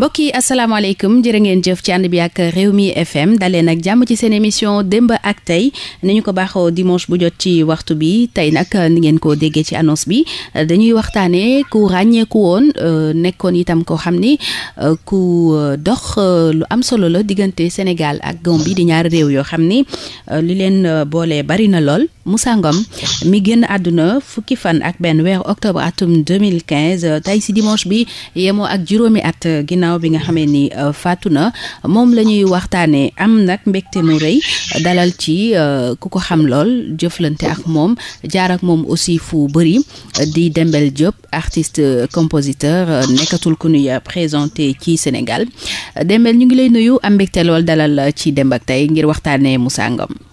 mbokk yi asalaamaaleykum jërë ngeen jëf ci ànd bi ak réew mi FM daleen ak jàmm ci seen émission démb ak tey nañu ko baaxoo dimanche bu jot ci waxtu bi tey nag euh, ni ngeen ko déggee ci annonce bi euh, dañuy waxtaanee ku ràññeeku woon euh, nekkoon itam koo xam ni ku dox lu am solo la diggante Sénégal ak yi di ñaari réew yoo xam ni li leen boole bari na lool. Moussa Ngom mi génn àdduna fukki fan ak benn weer octobre atum 2015 euh, tey si dimanche bi yemo ak juróomi at euh, ginnaaw bi nga xamee ni euh, faatu na moom la ñuy waxtaanee am nag mbégte mu rëy dalal ci ku ko xam lool jëflante ak moom jaar ak moom aussi fu bëri di Dembel Diop artiste compositeur nekkatul ku ñuy présenté ci Sénégal Dembel ñu ngi lay nuyu am mbégte lool dalal ci Demb ak tey ngir waxtaanee Moussa Ngom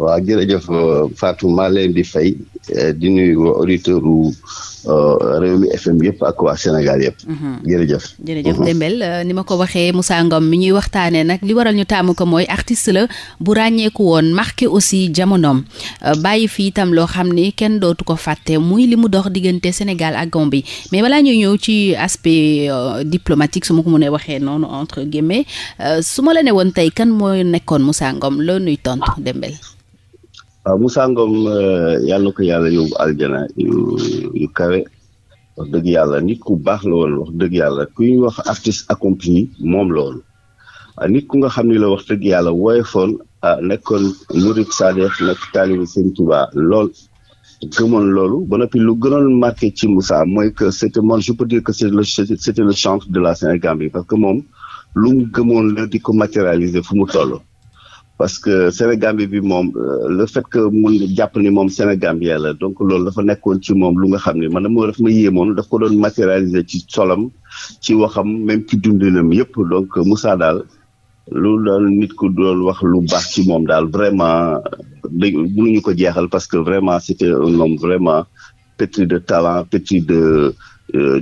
waaw jërëjëf euh, Fatou maa leen di fay euh, di nuyu auditeur u euh, Rewmi FM yëpp ak waa Sénégal yëpp. Mhm. jërëjëf. jërëjëf mhm. Dembel ni ma ko waxee Moussa Ngom mi ñuy waxtaanee nag li waral ñu taamu ko mooy artist la bu ràññeeku woon marqué aussi jamonoom bàyyi fii itam loo xam ni kenn dootu ko fàtte muy li mu dox diggante Sénégal ak Gambie mais balaa ñuy ñëw ci aspect diplomatique su ma ko mënee waxee noonu entre guillemets su ma la ne woon tey kan mooy nekkoon Moussa ngoom loo nuy tontu Dembel. waaw Moussa Ngom euh, yàlla na ko yàlla yóbbu aljana yu yu kawe wax dëgg yàlla nit ku baax la woon wax dëgg yàlla kuy wax artiste accompli moom la woon ah, nit ku nga xam ne la wax dëgg yàlla woyofoon ah, nekkoon murid sadeex nekk taalibu Sëñ Tuubaa lool gëmoon loolu ba noppi lu gënoon marqué ci Moussa mooy que c'était moi je peux dire que c'est le c'était chantre de la Sénégambie parce que moom lu gëmoon la di ko matérialiser fu mu toll parce que Sénégambie bi moom euh, le fait que mun jàpp ni moom Sénégambien la donc loolu dafa nekkoon ci moom lu nga xam ne man moo dafa ma yéemoon daf ko doon matérialiser ci solam ci waxam même ci dundinam yëpp donc euh, Moussa daal lu doon nit ku doon wax lu baax ci moom daal vraiment euh, dañ mënuñu ko jeexal parce que vraiment c'était un homme vraiment pétri de talent pétri de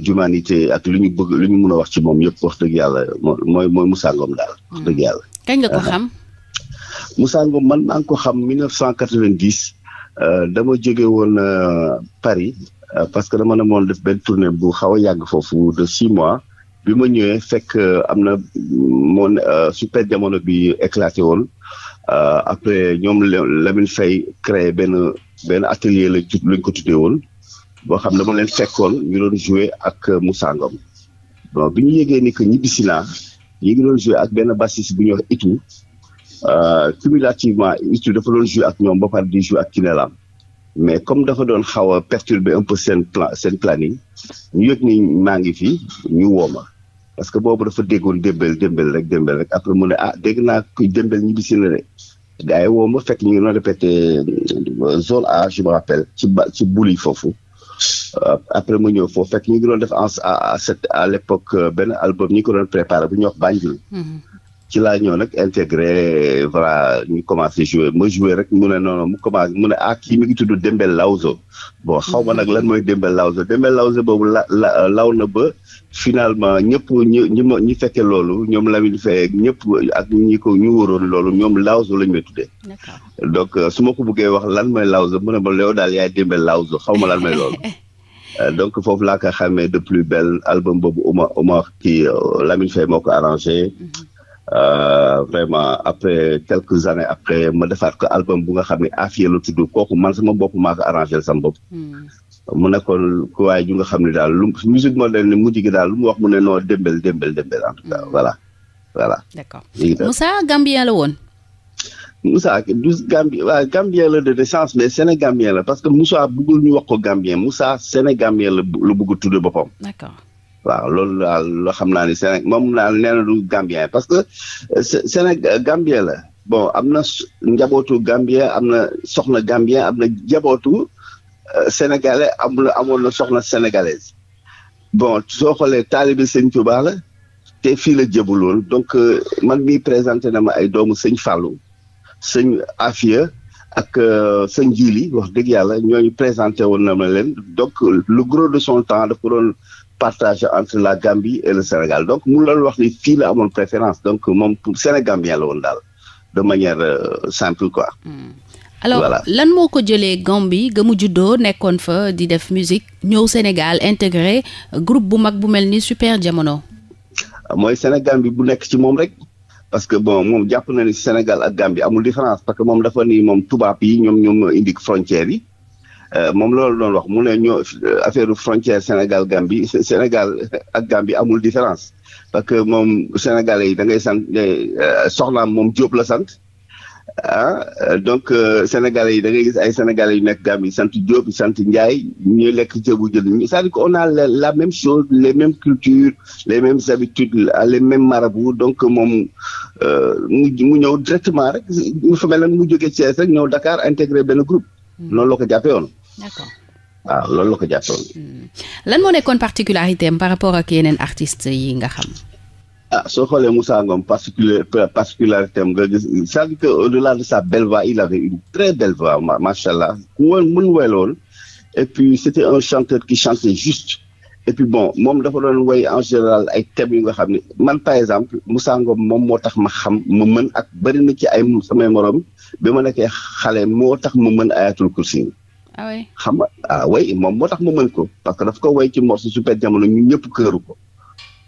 d'humanité ak lu ñu bëgg lu ñu mën a wax ci moom yëpp wax dëgg yàlla mooy mooy Moussa Ngom daal wax dëgg hmm. yàlla kañ nga ko xam Moussa Ngom man maa ngi ko xam 1990 euh, dama jóge woon euh, Paris euh, parce que dama ne moon def benn tournée bu xaw a yàgg foofu de six mois bi ma ñëwee fekk am na moon super jamono bi éclaté woon après ñoom Lamine Faye créé benn benn atelier la jub lañ ko tuddee boo xam ne dama leen fekkoon ñu doon joué ak Moussa bi ñu yëgee nik que ñu ngi doon joué ak benn bassiste bu ñuy wax Euh, cumulativement Itu dafa doon joué ak ñoom ba pare di joué ak Kinelam mais comme dafa doon xaw a perturber un peu seen plan seen planning ñu yëg ni maa ngi fi ñu wooma parce que boobu dafa déggoon démbel démbel rek démbel rek après mu ne ah dégg naa kuy démbel ñibbi si na de gars yi wooma fekk ñu ngi doon répété euh, zone A je ci ba ci buli foofu euh, après mu ñëw foofu fekk ñu ngi doon def en à cette à l'époque benn album ñi ko doon préparé bu ñuy wax Banjul mm-hmm. ci laa ñëw nag intégré voilà ñu commencé jouer ma jouer rek mu ne noonu mu commencé mu ne ah kii mi ngi tudd Dembel Lawzo bon xaw ma nag lan mooy Dembel Lawzo Dembel Lawzo boobu la la law na ba finalement ñëpp ñu ñu ma ñu fekkee loolu ñoom Lamine Faye ñëpp ak ñi ko ñu wóoroon loolu ñoom Lawzo lañ may tuddee. donc euh, su ma ko bëggee wax lan mooy Lawzo mu ne ma yow daal yaay Dembel Lawzo xaw ma lan mooy loolu. Euh, donc foofu laa ko xamee de plus bel album boobu Omar Omar kii euh, Lamine Faye moo ko arrangé. Mhm. Euh, vraiment après quelques années après ma defaat ko album bu nga xam ne Afia la tudd kooku man sama bopp maa arrangé sama bopp. Hmm. mu nekkoon ku waaye ñu nga xam ne daal lu musique moderne mujj gi daal lu mu wax mu ne noo dembel dembel dembel en tout cas hmm. voilà. voilà d'accord Moussa Gambien la woon. Moussa Gambien la de chance mais Sénégambien la parce que Moussa bëggul ñu wax ko Gambien musa Sénégambien la la bëgg a tudd boppam. waaw loolu daal loo xam naa ni Sénégal moom daal nee du Gambien parce que euh, Sénégal euh, Gambien la bon am na njabootu Gambien am na soxna Gambien am na njabootu euh, Sénégalais am na soxna sénégalaise bon soo xoolee taalibe Sëñ Tuubaa la te fii la jëbuloon donc man mii présenté na ma ay doomu Sëñ Fallou Sëñ Afia ak Sëñ Jili wax dëgg yàlla ñooñu présenté woon na ma leen donc le gros de son temps partagé entre la Gambie et le Sénégal donc mu loolu wax ni fii la amoon préférence donc moom pour Sénégambien la woon daal de manière euh, simple quoi. Hmm. alors lan moo ko jëlee Gambie ga mu juddoo nekkoon fa di def musique ñëw Sénégal intégré groupe bu mag bu mel ni Super Jamono. mooy Sénégal bi bu nekk ci moom rek parce que bon moom jàpp na ni Sénégal ak Gambie amul différence parce que moom dafa ni moom tubaab yi ñoom ñoom ñoo indi frontières yi. Euh, moom loolu doon wax mu ne ñoo affaire frontière Sénégal Gambie Sénégal ak Gambie amul différence parce que moom sénégalais yi da ngay sant euh, soxnaam moom Diop la sant ah euh, donc sénégalais yi da ngay gis ay sénégalais yu nekk Gambie sant Diop sant Ndiaye ñuy lekk ceebu jën c'est-à-dire qu'on a la même chose les même cultures les mêmes habitudes les mêmes marabouts donc moom mu ñëw directement rek mu fa mel ñëw Dakar intégré benn groupe. Hmm. noonu la ko jàppee woon. d'accord waaw ah, loolu la ko jàppoon. Hmm. lan moo nekkoon particularité am par rapport ak yeneen artistes yi nga xam. ah soo xoolee Moussa Ngom particulier particularité am nga gis c'est-à-dire sa belle voix il macha allah ku woon mën weloon et puis c'était un chanteur qui chantait juste et bon moom dafa doon en général ay thèmes nga xam ne man par exemple Moussa moom moo tax ma xam ma mën ak bëri na ci ay samay morom bi ma nekkee xale moo tax ma mën ayatul kursi ah oui xam ah moom moo tax mu mën ko parce que daf ko way ci morceau super jamono ñu ñëpp këru ko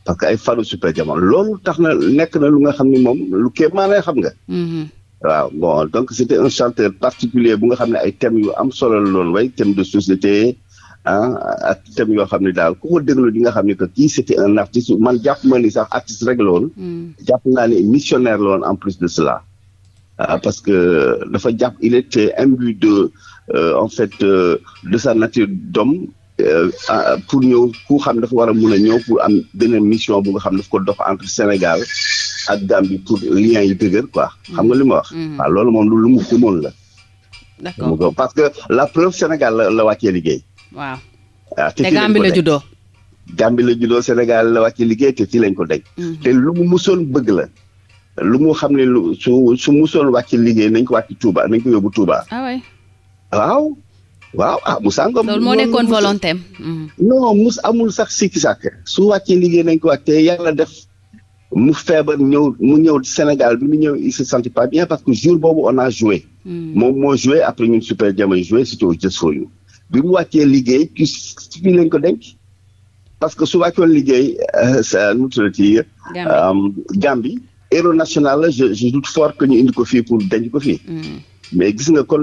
parce que ay fanu super jamono loolu lu nga xam ni moom lu kéemaane xam nga. Mm-hmm. waaw bon donc c'était un chanteur particulier bu nga xam ne ay thèmes yu de société ah, yoo xam ne daal ku ko déglu di nga ni sax artiste rek la woon. Mm. jàpp naa ne missionnaire la Euh, en fait euh, de sa nature d'homme euh, pour ñëw ku xam dafa war mun a ñëw pour am beneen mission bu nga xam daf ko dox entre Sénégal ak Gambie pour lien yi dëgër quoi xam nga li ma wax mm-hmm. Mm-hmm. waaw loolu moom lu mu gëmoon la d'accord parce que la preuve Sénégal la la wàccee liggéey waaw waaw ah, te Gambie la juddoo Gambie la juddoo la wàccee liggéey te ci lañ ko daj mm-hmm. te lu mu musoon bëgg la lu mu xam ne lu su su musoon wàcce liggéey nañ ko wàcc Touba nañ ko yóbbu Touba ah ouais waaw waaw ah Moussa Ngom. loolu moo nekkoon volonté mhm. non mus amul sax sikki sàkk su wàccee liggéey nañ ko wàcc te yàlla def mu feebar ñëw mu ñëw Sénégal bi mu ñëw il se sentit pas bien parce que jour boobu on a joué. Mhm. moom moo joué après ñun super jamono joué surtout Just For bi mu wàccee liggéey ci fii lañ ko denc. parce que su wàccoon liggéey euh, sa nu mu euh, je je doute fort ñu indi ko fii pour denc ko fii. Mhm. mais gis nga kon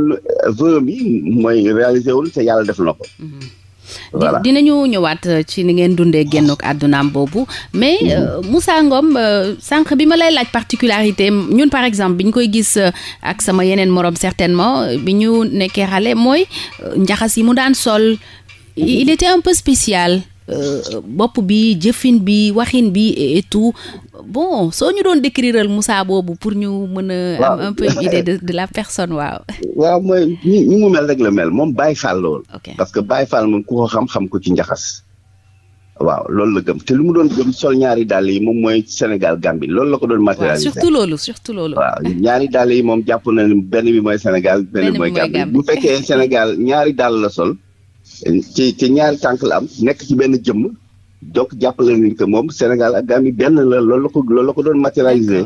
vœu bi mooy réalisé wul yàlla def na ko. dina mm-hmm. dinañu ñëwaat euh, ci ni ngeen dundee génn àddunaam boobu mais mm-hmm. euh, Moussa Ngom euh, sànq bi ma lay laaj particularité ñun par exemple bi ñu koy gis ak sama yeneen morom certainement bi ñu nekkee xale mooy njaxas yi mu daan sol mm-hmm. il était un peu spécial Euh, bopp bi jëfin bi waxin bi et tout bon soo ñu doon décriral Moussa boobu pour ñu mën a am un la personne waaw waaw mooy ñi ñi mu mel rek la mel moom Baye Fall loolu parce que bàyyi Fall moom ku ko xam-xam ko ci njaxas waaw loolu la gëm te lu mu doon gëm sol ñaari dàll yi moom mooy Sénégal Gambie loolu la ko doon matérialiser surtout loolu loolu waaw ñaari dàll yi moom jàpp na benn bi mooy Sénégal benn bi mooy Gambie bu fekkee Sénégal ñaari dàll la sol ci ci ñaari tànk la am nekk ci benn jëmm donc jàppale nañu ko moom Sénégal ak Gambie benn la loolu la ko loolu la ko doon matérialiser.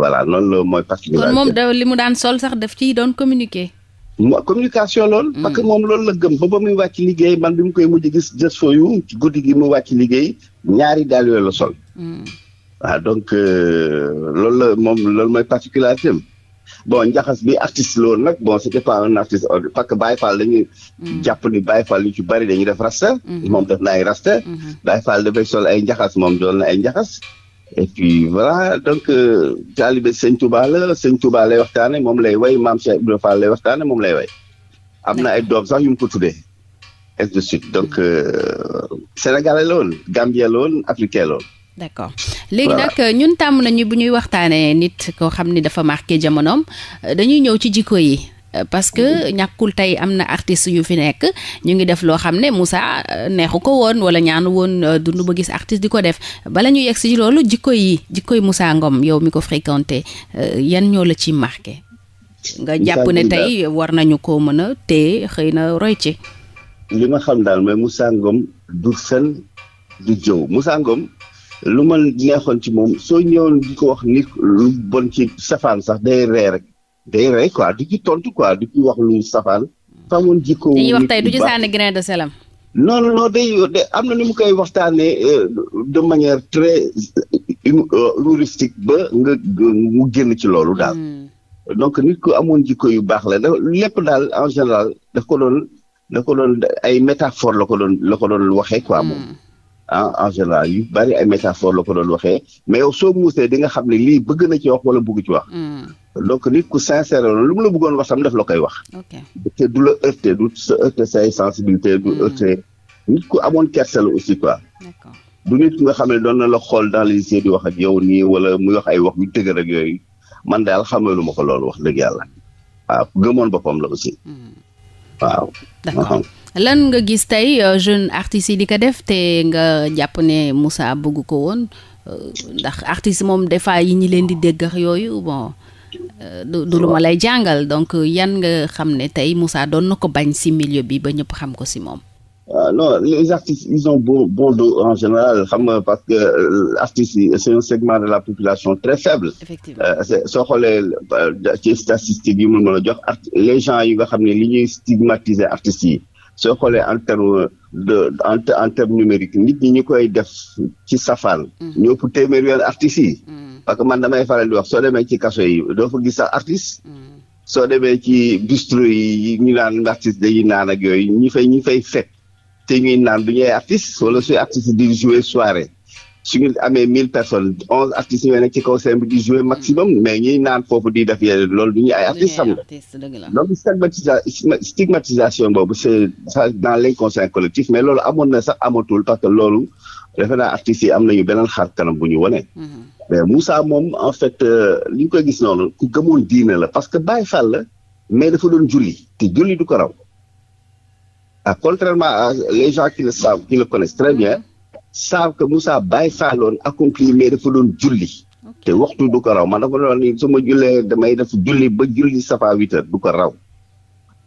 voilà loolu mooy particularité. kon moom da li mu daan sol sax daf ciy doon communiquer. communication loolu. Mm. parce que moom loolu la gëm ba ba muy wàcc liggéey man bi mu koy mujj gis just for ci guddi gi mu wàcc liggéey ñaari daal yooyu la sol. waaw mm. ah, donc euh, loolu la moom lool mooy particularité am bon njaxas bi artiste loolu nag bon c'était pas un artiste parce que Baye Fall dañuy mm. jàpp ni Baye Fall yu ci bari dañuy def rasta mm-hmm. moom def na ay rasta mm-hmm. Baye Fall dafay sol ay njaxas moom doon na ay njaxas et puis voilà donc euh, taalibe Sëñ Touba la Sëñ Touba lay waxtaane moom lay way Maam Cheikh Ibrahima Fall lay waxtaane moom lay way am na ay doom sax yu mu ko tuddee de suite donc euh, sénégalais la woon gambien la africain la d' accord léegi nag euh, ñun tàmm nañu bu ñuy waxtaanee nit koo xam ni dafa marqué jamonoom euh, dañuy ñëw ci jikko yi euh, parce que ñàkkul tey am na artist yu fi nekk ñu ngi def loo xam ne Moussa neexu ko woon wala ñaanu woon dund ba gis artiste di ko def bala ñu yegg si loolu jikko yi jikko yi Moussa Ngom yow mi ko fréquenté yan ñoo la ci marqué nga jàpp ne tey war nañu ko mën a téye xëy na roy ci li ma xam daal mooy Moussa Ngom du fen du jëw Moussa Ngom lu ma neexoon ci moom soo ñëwoon di ko wax nit lu bon ci safaan sax day ree rek day ree quoi du ci tontu quoi di ci wax lu safaan. famoon jikko dañuy wax tey du ci sànni de selam. non non day am na ni mu koy waxtaanee euh, de manière très euh, humoristique euh, ba nga mu génn ci loolu daal. Hmm. donc nit ku amoon jikko yu baax la lépp daal en général daf ko doon daf ko doon ay métaphore la ko doon la ko doon waxee quoi moom. Hmm. ah en général yu bari ay métaphore la ko doon waxee mais yow soo muusee di nga xam ne lii bëgg na ci wax wala bëgg ci wax. Hmm. donc nit ku sincère lu mu la bëggoon wax sam daf la koy wax. te du la heurter du sa heurter say sensibilité du hmm. heurter nit ku amoon kersa aussi quoi. du nit ku nga xam ne doon na la xool dans les yeux di wax ak yow nii wala muy wax ay wax yu dëgër ak yooyu man daal xamee lu ma ko loolu wax dëgg yàlla waaw gëmoon boppam la aussi hmm. waaw. lan nga gis tey euh, jeune artistes yi di ko def te nga jàpp ne Moussa bëgg ko woon euh, ndax artiste moom des fois yi ñi leen di dégg yooyu bon euh, du du lu ma lay jàngal donc yan nga xam ne tey Moussa doon na ko bañ si milieu bi ba ñëpp xam ko si moom. ah non les artistes ils ont bon bon en général xam nga parce que artistes yi c'est un segment de la population très faible. effectivement soo xoolee ci mun mën jox les gens yi nga xam ne li ñuy stigmatiser artistes yi. soo xoolee en terme de en terme numérique nit ñi ñu koy def ci safan mm. ñoo ëpp téeméer yoon artistes yi mm. parce que man damay faral di wax soo demee ci kaso yi doo fa gis sax artiste mm. soo demee ci bistro yi ñu naan artiste dañuy naan ak yooyu ñi fay ñi fay fekk te ñuy naan du ñuy artiste wala suy artiste di jouer soirée si ñu amee mille personnes onze artistes ñooy ci kaw scène bi di jouer maximum ñuy naan foofu di def yeneen loolu ñu ay artistes xam nga donc stigmatisation boobu c'est ça dans l'inconscient collectif mais loolu amoon na sax amatul parce que loolu defe naa artistes yi am nañu beneen xar kanam bu ñu wone mm-hmm. mais Moussa moom en fait euh, li ñu koy gis noonu ku gëmoon diine la parce que Baye Fall la mais dafa doon julli te julli du ko raw a ah, contrairement a les gens qui le savent qui le connaissent très mm-hmm. savent que Moussa Baye Falloon accompli mais dafa doon julli. te waxtu du ko raw man dafa doon ni ma jullee damay def julli ba julli safa huit heures du ko raw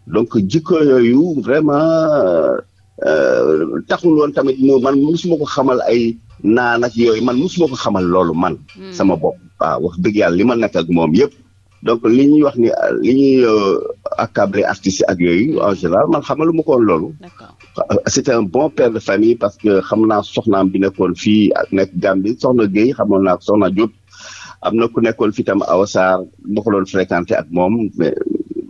donc jikko yooyu vraiment euh, taxul woon tamit mu man musuma ko xamal ay naan ak yooyu man musuma ko xamal loolu man. Hmm. sama bopp waaw wax dëgg yàlla li ma nekk ak moom yëpp. donc li ñuy wax ni li ñuy euh, accabler artistes yi ak yooyu en général man xamalu ma ko woon loolu. Euh, c'était un bon père de famille parce que xam naa soxnaam bi nekkoon fii ak nekk Gambie soxna Guèye xamoon naa soxna Diop am na ku nekkoon fii tam Awa Sarr ma ko doon fréquenté ak moom mais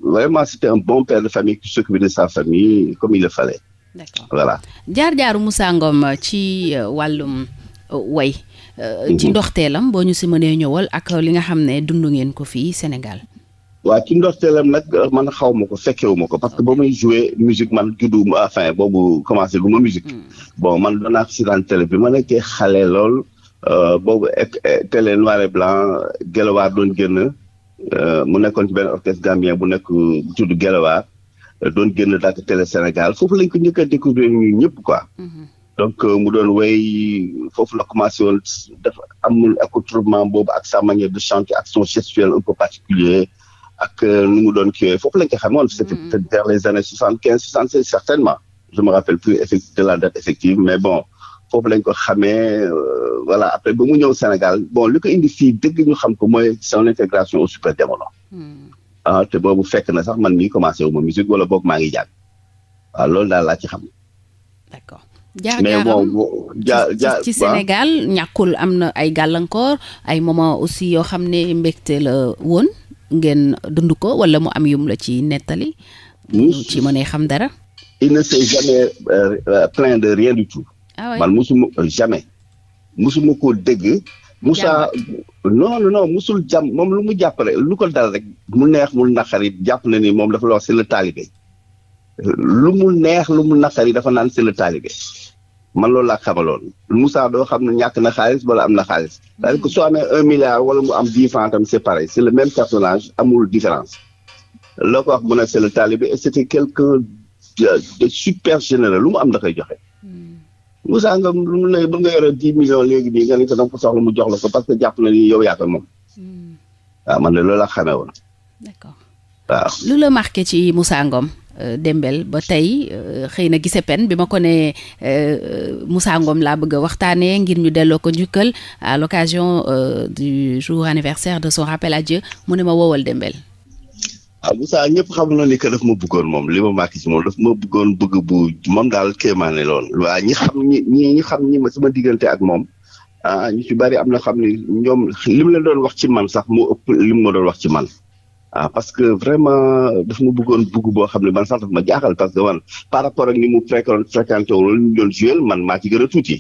vraiment c'était un bon père de famille qui s'occupait de sa famille comme il le fallait. d'accord jaar-jaaru Moussa Ngom ci euh, wàllum way. Euh, ci ndoxteelam boo ñu si mënee ñëwal ak li nga xam ne dund ngeen ko fii senegal waaw ci ndoxteelam nag euh, man xaw ma ko fekkewu ma ko parce que ba muy jouer musique man juddu enfin euh, boobu commencé gu ma musique mm. bon man doon naa si daan télé bi ma nekkee xale lool boobu e, télé noir et blanc Gelawaar doon génn mu nekkoon ci benn orchestre gambien bu nekk juddu Gelawaar doon génn daal télé Sénégal foofu lañ ko njëkk a découvrir ñun ñëpp donc euh, mu doon wéy foofu la commencé woon dafa amul accoutrement boobu ak sa manière de chanter ak son gestuel un peu particulier ak euh, nu mu doon kiiwee foofu lañ ko xamoon c'était peut mm-hmm. les années soixante quinze soixante seize certainement je me rappelle plus effect de la date effective mais bon foofu lañ ko xamee euh, voilà après ba mu ñëw Sénégal bon li ko indi fii dëgg ñu xam ko mooy son intégration au Super Diamono mm-hmm. ah te boobu fekk na sax man mii commencé wu ma musique wala boog maa ngi jàng waaw ah, loolu daal laa ci xam jaar mais bon jaar jaar ci am na ay gàllankoor ay moment aussi yoo xam ne mbégte la woon ngeen dund ko wala mu am yum la ci nettali. ci mënee xam dara. il ne s'est jamais euh, euh plaint ah musuma euh, koo dégg. Moussa non non non musul jàmm moom lu mu jàpp rek lu ko dal rek. mu neex mu naqari jàpp na ni moom dafa loo wax c'est le talibé euh, mu neex lu mu naqari dafa naan le talibé. man loolu laa xamaloon Moussa doo xam ne ñàkk na xaalis wala am na xaalis cest ko dire que soo amee un milliard wala mu am dix francs tam c'est pareil c'est le amul différence loo ko wax mu ne c'est le talibé et c'était quelqu'un de super généreux lu mu am da koy joxe hmm. Moussa nga lu mu lay bu nga yore dix millions léegi nii nga ne ko danga ko soxla mu jox la ko parce que jàpp na ni yow yaa ko moom waaw hmm. ah, man de loolu laa xamee woon d'accord waaw lu la marqué ci Moussa Euh, Dembel ba tey euh, xëy na gise pen bi ma ko ne euh, Moussa ngoom laa bëgg a waxtaanee ngir ñu delloo ko njukkal à l'occasion du jour anniversaire de son rappel à mu ne ma woowal Dembel. ah Moussa ñëpp xam na ni que daf ma buggoon moom li ma màkk ci moom daf ma bëggoon bëgg bu moom daal kéemaane lool waa ñi xam ñi ñi diggante ak moom. ah ñu ci bari am na xam ni ñoom li mu leen doon wax ci man sax mu ëpp li mu ma doon wax ci man ah parce que vraiment daf ma bëggoon bëgg boo xam ne man sax daf ma jaaxal parce que man par rapport ak ni mu fréquenté woon ñu doon joué man maa ci gën a tuuti.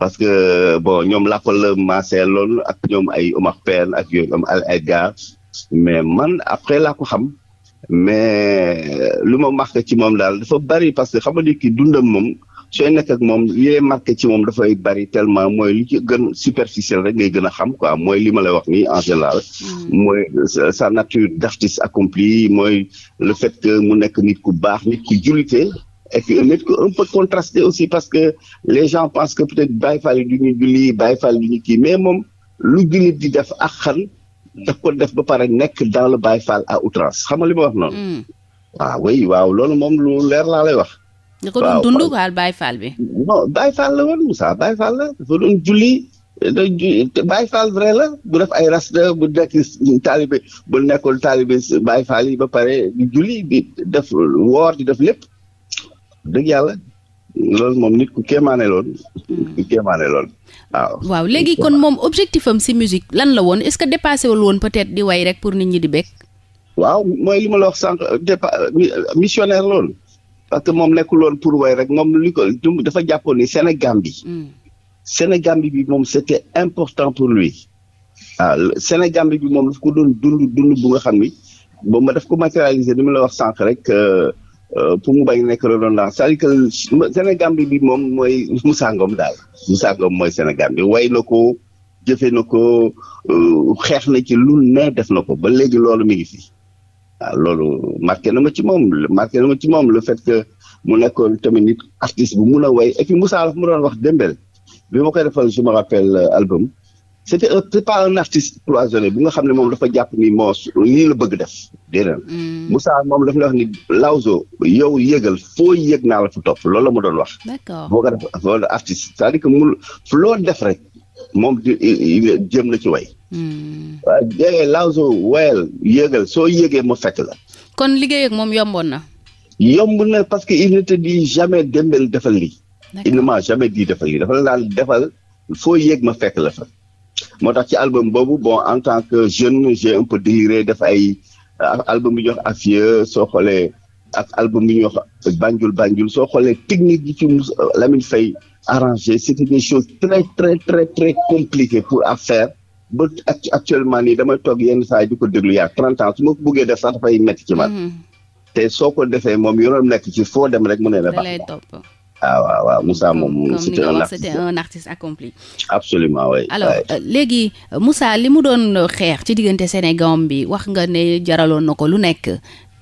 parce que bo ñoom lakkal la maasee lool ak ñoom ay Omar Pène ak yooyu am ay gars mais man après laa ko xam mais lu ma marqué ci moom daal dafa bari parce que xam nga ni ki dundam moom sooy nekk ak moom yee marqué ci moom dafay bari tellement mooy lu ci gën superficiel rek ngay gën a xam quoi mooy li ma lay wax nii en général. Mm. mooy sa nature d'artiste accompli mooy le fait que mu nekk nit ku baax nit ku jullite. et nit ku un peu contrasté aussi parce que les gens pensent que peut-être Baye Fall du ñu julli Baye Fall du ñu kii mais moom lu jullit di def ak xan daf ko def ba pare nekk dans le Baye Fall à outrance xam nga li wax noonu. waaw mm. ah oui waaw loolu moom lu leer laa lay wax. nga ko doon dund waal Baye Fall bi. non Baye la woon Moussa Baye Fall la dafa doon julli da Baye Fall vrai la bu def ay ras bu nekk taalibe bu nekkul taalibe Baye Fall yi ba pare di julli di def woor di def lépp dëgg yàlla. loolu moom nit ku kéemaane lool ku kéemaane loon waaw léegi kon moom objectif si musique lan la woon est-ce que dépassé wul woon peut-être di way rek pour nit ñi di bekk waaw mooy li ma la wax sànq dépa lool parce que moom nekkul woon pour way rek moom li ko dafa jàppoon ni Sénégambie. Mm. Sénégambie bi moom c'était important pour a ah, waaw Sénégambie bi moom daf ko doon dund dund bu nga xam ni ba ma daf ko matérialiser ni ma la wax sànq rek euh, euh, pour mu bañ nekk redondant c'est-à-dire que Sénégambie bi moom mooy Moussa Ngom daal Moussa Ngom mooy Sénégambie way na ko jëfee na ko euh, xeex na ci lu ne def na ko ba léegi loolu mi ngi fi. waaw loolu marqué na ma ci moom marqué na ma ci moom le fait que mu nekkoon tamit nit artiste bu mun a way et puis Moussa dafa mu doon wax Dembel bi ma koy defal je me rappelle euh, album c' était un c' pas un artiste cloisonné bu nga xam ne moom dafa jàpp ni moo lii la bëgg def déedéet. Mm. Moussa moom dafa lay wax ni Lawzo yow yëgal foo yëg naa la fu top loolu la ma doon wax. d' accord boo ko def loolu artiste que mu loo def rek moom di jëm na ci way. Hmm. waaw jege lawso wayal yëgal soo yëgee ma fekk la. kon liggéey ak moom yomboon na. yomb na parce que il ne te dit jamais dembel defal lii. il ne m'a jamais dit defal lii dafa la daan defal foo yeg ma fekk la fa. moo tax ci album boobu bon en tant que jeune j'ai un peu déliré def ay euh, album bi ñuy wax Afia soo xoolee ak album bi ñuy wax Banjul Banjul soo xoolee technique yi ci euh, Lamine Faye arrangé c'était des choses très très très très compliquées pour à ba actuellement nii damay toog yenn saa yi di ko déglu yaa trente ans su ma buggee def sax dafay métti ci man mm-hmm. te soo ko defee moom yoonam nekk ci foo dem rek mu ne la baax na ah waaw waaw Moussa moom c'était un artiste c'était un artiste accompli. absolument oui. alors euh, léegi Moussa li mu doon xeex ci diggante Sénégal bi wax nga ne jaraloon na ko lu nekk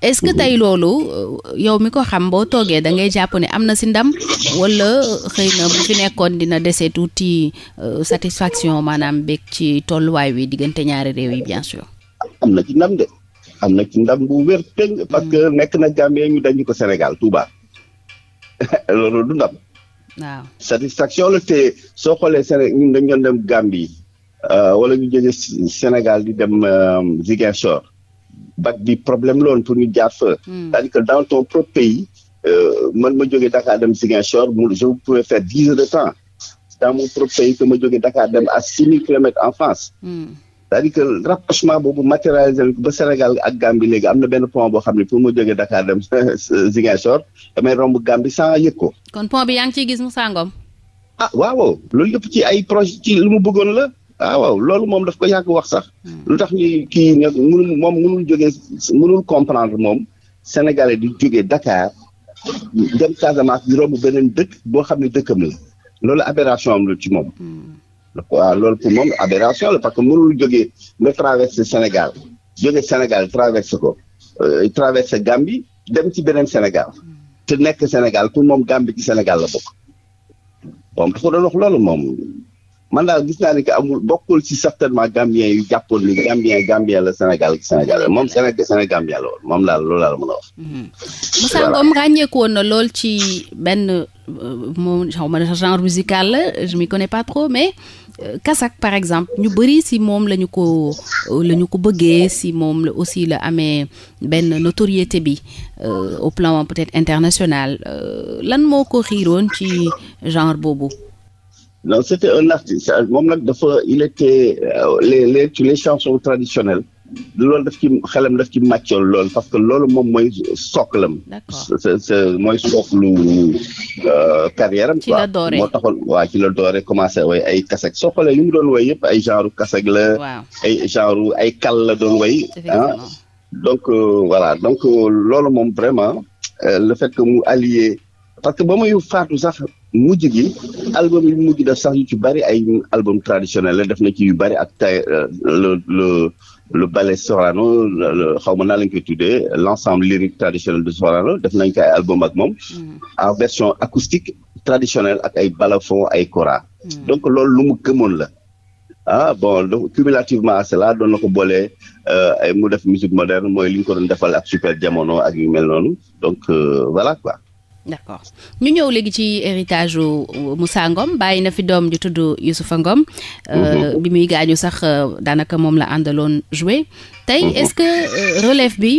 est-ce que mhm. tey loolu euh, yow mi ko xam boo toogee da ngay jàpp ne am na si ndam wala xëy na bu fi nekkoon dina dese tuuti euh, satisfaction maanaam beeg ci tolluwaay wi diggante ñaari réew yi bien sûr. am na ci ndam de am na ci ndam bu wér tëng parce que mm. nekk na Gambie ñu dañu ko Sénégal Touba loolu du ndam. waaw satisfaction la te soo xoolee Séné ñun dañu doon dem Gambie euh, wala ñu jógee Sénégal di dem Ziguinchor. bac bi problème loolu pour ñu jaar fa hmm. c'est-à-dire que dans ton propre pays euh, man ma jógee Dakar dem Ziguinchor mu je pouvais faire dix heures de temps dans mon propre pays que ma jógee Dakar dem à six mille kilomètres en France hmm. c'est-à-dire que rapprochement ba Sénégal ak Gambie léegi am na benn pont boo xam ne pour ma jógee Dakar dem Ziguinchor damay romb Gambie sans yëg ko. kon pont bi yaa ngi gis Moussa Ngom. ah waaw loolu yëpp ci ay projet ci lu mu bëggoon la. ah waaw loolu moom daf ko yàgg wax sax hmm. lu tax ñuy kii nag moom mënul jógee mënul comprendre moom sénégalais di jógee dakaar dem Casamance di romb beneen dëkk boo xam ne dëkkam la loolu aberration am la ci moom hmm. waaw loolu pour moom aberration la parce que mënul jógee nga traversé Sénégal jógee Sénégal traversé ko euh, traversé Gambie dem ci beneen Sénégal hmm. te nekk Sénégal pour moom Gambie ci Sénégal la bokk moom dafa doon wax loolu moom man daal gis naa ni que amul bokkul ci certainement Gambien yu jàppoon ni Gambien Gambien la Sénégal Sénégal moom Sénégal Sénégambien la woon moom daal loolu daal mën a wax. Mhm. Moussa Ngom ràññeeku woon na lool ci benn euh, moom genre musical la je m'y connais pas trop mais euh, Kasak par exemple ñu bëri si moom la ñu ko la ñu ko bëggee si moom la aussi la amee benn notoriété bi euh, au plan peut-être international lan moo ko xiiroon ci genre boobu. non c'était un artiste euh, moom nag dafa il était euh, les les les chansons traditionnelles loolu daf ci def daf ci màccoon loolu parce que loolu moom mooy soklam. c'est mooy soklu euh, carrière am. ci la dooree moo taxoon waaw ci la dooree commencé way ay kasek soo xoolee li doon way yëpp ay genre kasek la. ay genre ay kal la doon way. ah donc voilà donc loolu moom vraiment le fait que mu allié parce que ba muy faatu sax. mujj gi album yi mujj def sax yu ci bari ay album traditionnel la def na ci yu bari ak tay euh, le le le Sorano xaw ma naa lañ koy tuddee l'ensemble lyrique traditionnel de Sorano def nañ ko ay album ak moom mm. en version acoustique traditionnelle ak ay balafon ay kora mm. donc loolu lu mu moon la a ah, bon donc cumulativement à cela doon na ko boolee euh, ay mu def musique moderne mooy li ñu ko doon defal ak super jamono ak yu mel noonu donc euh, voilà quoi d'accord ñu ñëw léegi ci héritage u Moussa bàyyi na fi doom ju tudd Youssoufa Ngom. Mhm. Euh, bi muy gaañu sax euh, daanaka moom la àndaloon joué. tey mhm. est-ce que euh, relève bi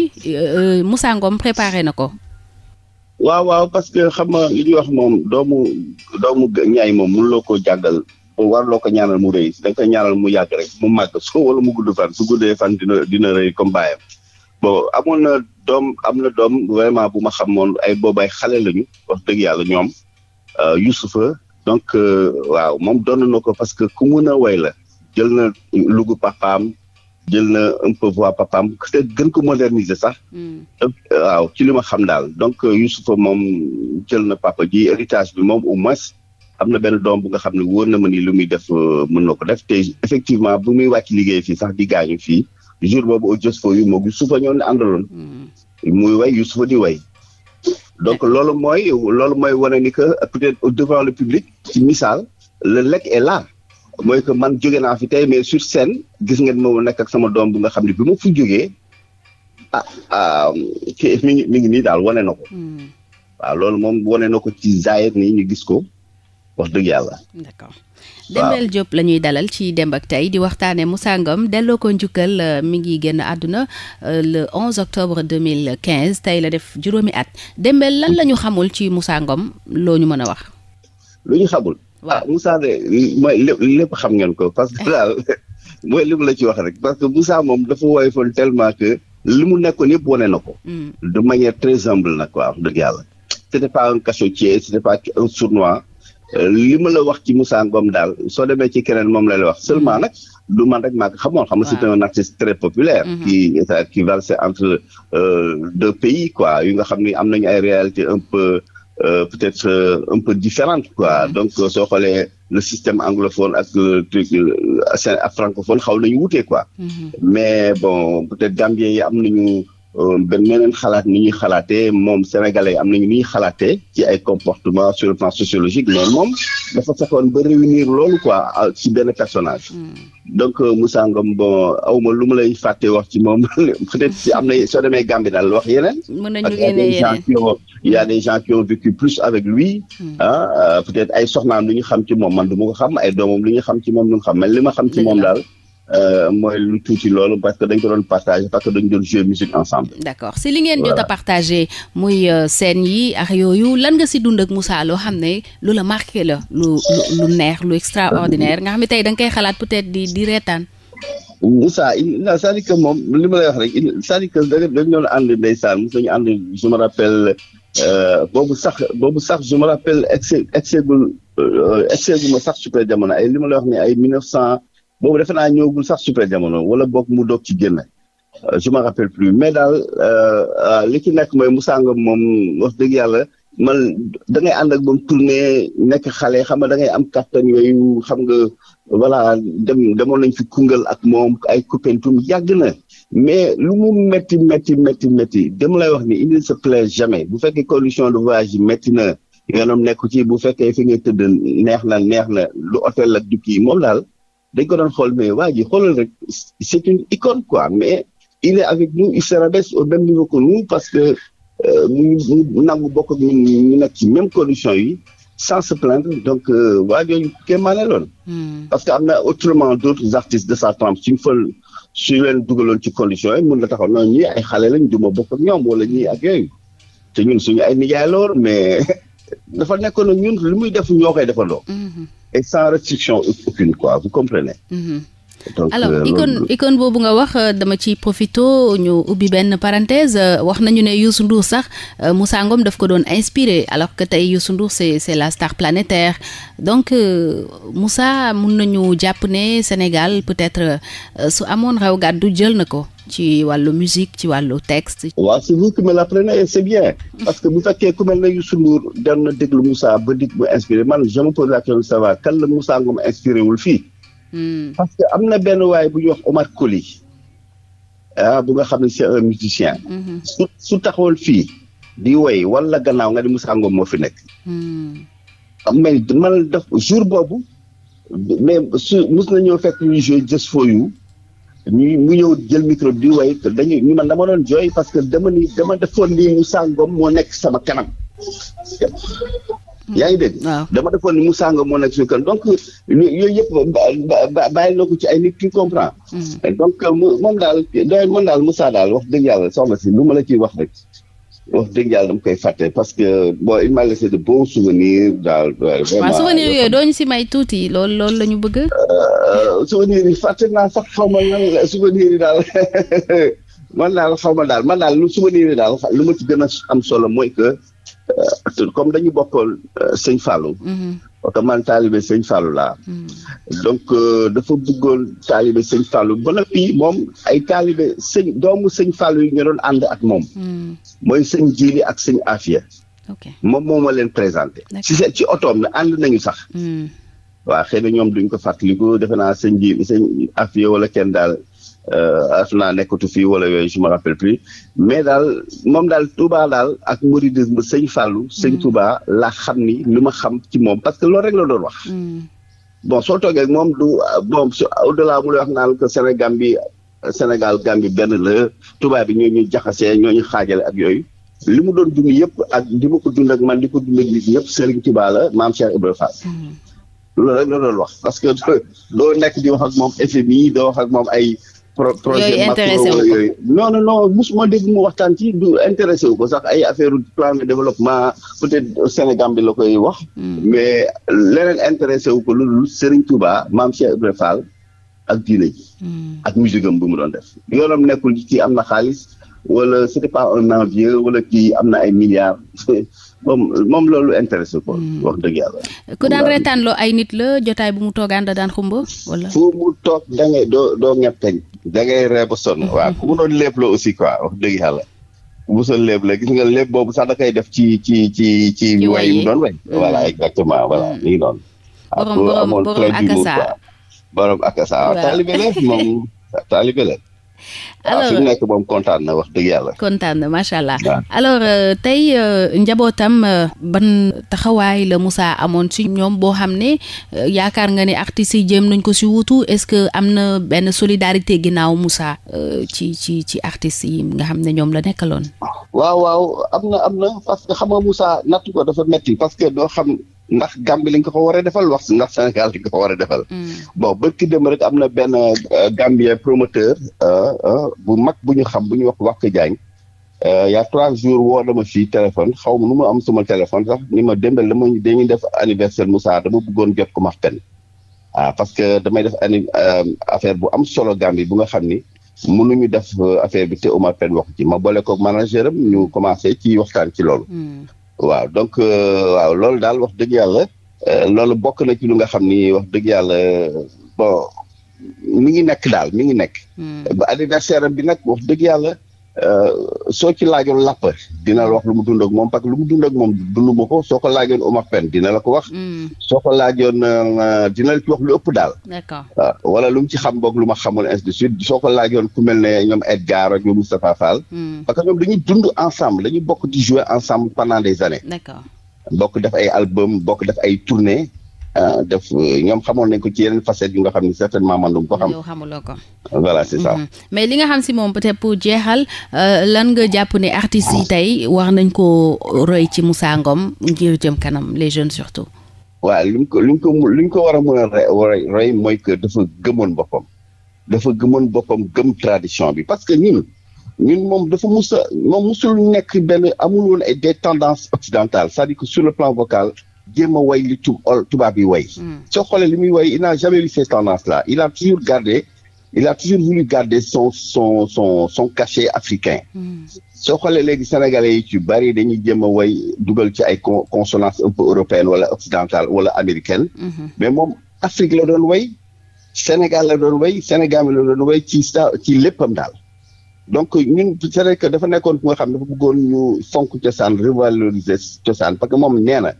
Moussa Ngom préparé na ko. waaw waaw parce que xam nga li ñuy wax moom doomu doomu ñaay moom mënuloo koo jàngal loo ko ñaanal mu rëy da nga ñaanal mu yàgg rek mu màgg soo wala mu gudd fan su guddee fan dina dina rëy comme baayam bon amoon na doom am na doom vraiment bu ma xam xamoon ay boobu ay xale lañu wax dëgg yàlla ñoom euh, Youssoufa donc euh, waaw moom doon na ko parce que ku mun a way la jël na lugu papaam jël na un peu voix papaam te ko moderniser sax. Hmm. Euh, waaw ci li ma xam daal donc Youssoufa moom jël na papa ji héritage bi moom au moins. am na benn doom bu nga xam ne wóor na ma ni lu muy def mën na ko def te effectivement bu muy wàcc liggéey fii sax di gaañu fii jour boobu au jos foofu moog Youssoufa ñoo ne àndaloon. Hmm. muy way Youssoufa di way. donc eh. loolu mooy loolu mooy wane ni que peut-être au devant ci misaal le lekk est là mooy que man jóge na fi tey mais sur scène gis ngeen moom nekk ak sama doom bu nga xam ne bi ma fu jógee ah, ah kii mi ngi mi ngi nii daal wane na ko. Hmm. loolu moom wane na ko ci zaayir ni ñu gis ko wax dëgg yàlla. Damel Diop la ñuy dalal ci Demb ak Tay di waxtaane Moussa Ngom delloo ko njukkal euh, mi ngi génn àdduna euh, le 11 octobre quinze tey la def juróomi at Dembel lan la ñu xamul ci musaa Ngom loo ñu mën a wax lu ñu xamul waa ah, musaa de mooy lépp xam ngeen ko parce que daal mooy li mu la ci wax rek parce que Moussa moom dafa woyofoon tellement que li mu nekkoon yëpp wane na ko mm. de manière très humble nag waaw dëgg yàlla c'était pas un cachotier c'était pas un sournois li ma la wax ci Moussa daal soo demee ci keneen moom la la wax seulement mm-hmm. nag du man rek maa xamoon xam nga c'est un artiste très populaire mm-hmm. qui qui valse entre euh, deux pays quoi yu nga xam ni am nañu ay réalité un peu euh, peut-être euh, un peu différente quoi mm-hmm. donc soo xoolee le système anglophone ak ak francophone xaw nañu wutee quoi mais bon peut-être Gambien yi am nañu Euh, benn meneen xalaat ni ñuy xalaatee moom sénégalais am nañu ni ñuy xalaatee ci ay comportement sur le plan sociologique mais moom dafa fexoon ba réunir loolu quoi si benn personnage hmm. donc euh, Moussa Ngom bon awma lu ma lay fàtte wax ci moom peut-être si am na soo demee Gambie daal wax yeneen parce que y a des gens qui ont y a vécu plus avec lui hmm. a ah, euh, peut-être ay soxnaam lu ñu xam ci moom man du ma ko xam ay doomam lu ñu xam ci moom lu xam man li ma xam ci moom daal mooy lu tuuti loolu parce que dañ ko doon partagé parce que dañ doon jouer musique ensemble. d'accord si li ngeen jot a partagé muy seen yi ak yooyu lan nga si dund ak Moussa loo xam ne lu la marqué la lu lu neex lu extraordinaire nga xam ne tey da nga koy xalaat peut-être di di reetaan. Moussa non cest à moom li ma lay wax rek c'est-à-dire que dañu doon ànd ndeysaan mos nañu ànd je me rappelle boobu sax boobu sax je me rappelle excès excès gu excès gu ma sax su ko ay li ma la wax ni ay mille cent boobu defe naa ñëwagul sax super jamono wala boog mu doog ci génne je me rappelle plus mais daal euh, li ci nekk mooy Moussa Ngom moom wax dëgg yàlla man da ngay ànd ak moom tournée nekk xale xam nga da ngay am kattan yooyu xam nga voilà dem demoon nañ fi Koungheul ak moom ay Koupentoum yàgg na mais lu mu métti métti métti métti dem lay wax ni il ne se plaît jamais bu fekkee condition de voyage yi métti na yoonam nekku ci bu fekkee fi ngay tëdd neex na neex na lu hôtel ak dukki moom daal. dañ ko doon xool mais waa ji xoolal rek c'est une icône quoi mais il est avec nous il se rabaisse au même niveau que nous parce que euh, mu mu nangu bokk nu ñun ñu nekk ci même condition yi sans se plaindre donc euh, waa jooju kéemaane loon hmm. parce que am na autrement d'autres artistes de sa trempe suñu fël suñu leen dugaloon ci condition yi mun la taxaw noonu ñi ay xale lañ duma bokk ak ñoom wala ñi ak yooyu te ñun suñu ay nijaay lool mais dafa nekkoon ñun lu muy def ñoo koy defandoo hmm. et sans restriction aucune, quoi, vous comprenez. Mm -hmm. donc alors euh, icône icône boobu nga wax euh, dama ci profito ñu ubbi benn parenthèse euh, wax nañu ne Youssou Ndour sax Moussa ngoom daf ko doon inspiré alors que tey Youssou Ndour c'est c'est la star planétaire donc Moussa mun nañu jàpp ne Sénégal peut-être su amoon raw gàddu jël na ko ci wàllu musique ci wàllu texte. waaw c'est vous qui me l'apprenez c'est bien. parce que bu fekkee ku mel ne Youssou Ndour daan na déglu Moussa ba dig mu inspiré man je me pose la question de savoir kan la Moussa Ngom inspiré fii. Hmm. parce que am na benn waay bu ñuy wax Omar Coly ah bu nga xam ne c'est un musicien. Hmm. su su taxawal fii di woy walla gannaaw nga di Moussa Ngom moo fi nekk. Hmm. Ah, mais man def jour boobu mais su mus na ñëw fekk ñu joué Just for You ñu mu ñëw jël micro bi di woy dañuy ñu man dama doon jooy parce que dama dama defoon nii Moussa Ngom moo nekk sama kanam. Hmm. yaa ngi dégg. dama defoon ni Moussa Ngom moo nekk suñu kan donc yooyu yëpp bàyyi na ko ci ay nit ki comprend hmm. donc euh, moom daal doy moom daal Moussa daal wax dëgg yàlla soxna si lu ma la ciy wax rek. wax dëgg yàlla dama koy fàtte parce que bon il m'a laissé de bons souvenirs daal. vraiment waaw souvenirs yooyu doo ñu si may tuuti loolu loolu la ñu bëgg. Euh, souvenirs yi fàtte naa sax xaw ma lan souvenirs yi daal man daal xaw ma daal man daal lu souvenirs yi daal lu ma ci gën a am solo mooy que. Euh, comme dañu bokkoon euh, sëñ Fallou. oto mhm. man taalibe sëñ Fallou laa. Mhm. donc euh, dafa bëggoon taalibe sëñ Fallou ba noppi moom ay taalibe sëñ doomu sëñ Fallou yi ñu doon ànd ak moom. Mhm. mooy sëñ Jili ak sëñ Afia. moom moo a leen présenté. ci ci otoom na ànd nañu sax. waaw xëy na ñoom duñ ko fàttaliku defe naa sëñ ji sëñ Afia wala kenn daal Euh, af naa nekkatu fii wala yooyu je rappelle plus mais daal moom daal Touba daal ak mouridisme sëñ Fallou sëñ mm. Touba laa xam ni lu ma xam ci moom parce que loolu rek la doon wax mm. bon soo toogee moom du bon au delà mu lay wax naan que Sénégal bi Sénégal benn la Touba bi ñoo ñuy jaxasee ñoo ñu xaajale ak yooyu li mu doon dund yëpp ak di ma ko dund man di ko dund ak nit yëpp Serigne Touba la maam Cheikh Ibrahima Fall mm. loolu rek la doon wax parce que doo nekk di wax ak moom FMI doo wax pro projet macro yooyu non non non musuma dégg mu waxtaan ci du intéressé wu ko sax ay affaire plan de développement peut-être Sénégal bi la koy wax hmm. mais leneen intéressé wu ko lu Serigne Touba Maam Cheikh Ibrahima Fall ak diine ji hmm. ak musique am bu mu doon def yoonam nekkul ci am na xaalis wala c'était pas un envieux wala kii am na ay milliards moom moom loolu intéressé ko. Hmm. wax dëgg yàlla. ku daan ay nit la jotaay bu mu toogaan da daan xumba wala. fu mu toog da doo doo ñetteñ. da ngay ree ba sonn. Hmm. waaw ku mu doon lépp la aussi quoi wax dëgg yàlla. bu sa lépp la gis nga lépp boobu sax da koy def ci ci ci ci. way yi way. Hmm. voilà exactement voilà nii noonu. Ah, borom borom borom akasa borom akasa waaw taalibe la moom taalibe alors fi mu nekk moom kontaan na wax dëgg yàlla. Euh, tey euh, njabootam euh, ban taxawaay la Moussa amoon ci ñoom boo xam ne yaakaar nga ne artistes yi jéem nañ ko si wutu est-ce que am na benn solidarité ginnaaw Moussa ci ci ci artistes yi nga xam ne ñoom la nekkaloon. waaw waaw am na am na parce que xam nga Moussa ko dafa metti parce que doo xam. ndax Gambie lañ ko ko war a defal wax ndax Sénégal lañ ko ko war a defal. Mm. bon bërki dem rek am na benn euh, Gambien promoteur euh, euh, bu mag bu ñu xam bu ñu wax Wàkk Diagne. y a trois jours woo dama fii téléphone xaw ma nu ma am suma téléphone sax ni ma démbal la ma dañuy def anniversaire Moussa dama bëggoon jot ko ma pen ah parce que damay def ani affaire bu am solo Gambie bu nga xam ni ñu def affaire bi te Omar Pène wax ci ma boole ko manager am ñu commencé ci waxtaan ci loolu mm. waaw donc euh, waaw loolu daal wax dëgg yàlla euh, loolu bokk na ci lu nga xam ni wax dëgg yàlla bon mi ngi nekk daal mi ngi nekk. Hmm. ba anniversaire bi nag wax dëgg yàlla. Euh, soo ci laajoon làpp dina la wax lu mu dund ak moom parce que lu mu dund ak moom dundu ma ko soo ko laajoon Omar Pène dina la ko wax. Mm. soo ko laajoon euh, dina la ci wax lu ëpp daal. d'accord ah, wala lu ci xam boog lu ma xamul ainsi de suite soo ko laajoon ku mel ne ñoom Edgar ak ñoom Moustapha Fall. Mm. parce que ñoom dañuy dund ensemble dañuy bokk di jouer ensemble pendant des années. d'accord bokk def ay album bokk def ay tournées. Euh, def ñoom xamoon nañ ko ci yeneen facettes yu nga xam ne certainement man du ko xam. yow xamuloo ko. voilà mm-hmm. mais li nga xam si moom peut-être pour jeexal euh, lan nga jàpp ne artistes yi tey wax nañ ko roy ci Moussa Ngom ngir jëm kanam les jeunes surtout. waa luñ ko luñ ko luñ ko war a mën a roy mooy que dafa gëmoon boppam. dafa gëmoon boppam gëm tradition bi parce que ñun. ñun moom dafa mus a moom musul nekk benn amul woon ay des tendances occidentales dire que sur le plan vocal jéem a way li tubaab yi way hmm. soo xoolee li muy way il n'a jamais eu ces tendances là il a toujours gardé il a toujours voulu garder son cachet africain hmm. soo xoolee léegi sénégalais yi ci bari dañuy jéem a way dugal ci ay consonance un peu européenne wala occidentale wala américaine hmm. mais moom Afrique la doon way Sénégal la doon way Sénégal la doon way ci sa ci léppam daal donc ñu ca vrai nekkoon ku nga xam ne dafa bëggoon ñu fonk cosaan revaloriser cosaan parce que moom nee na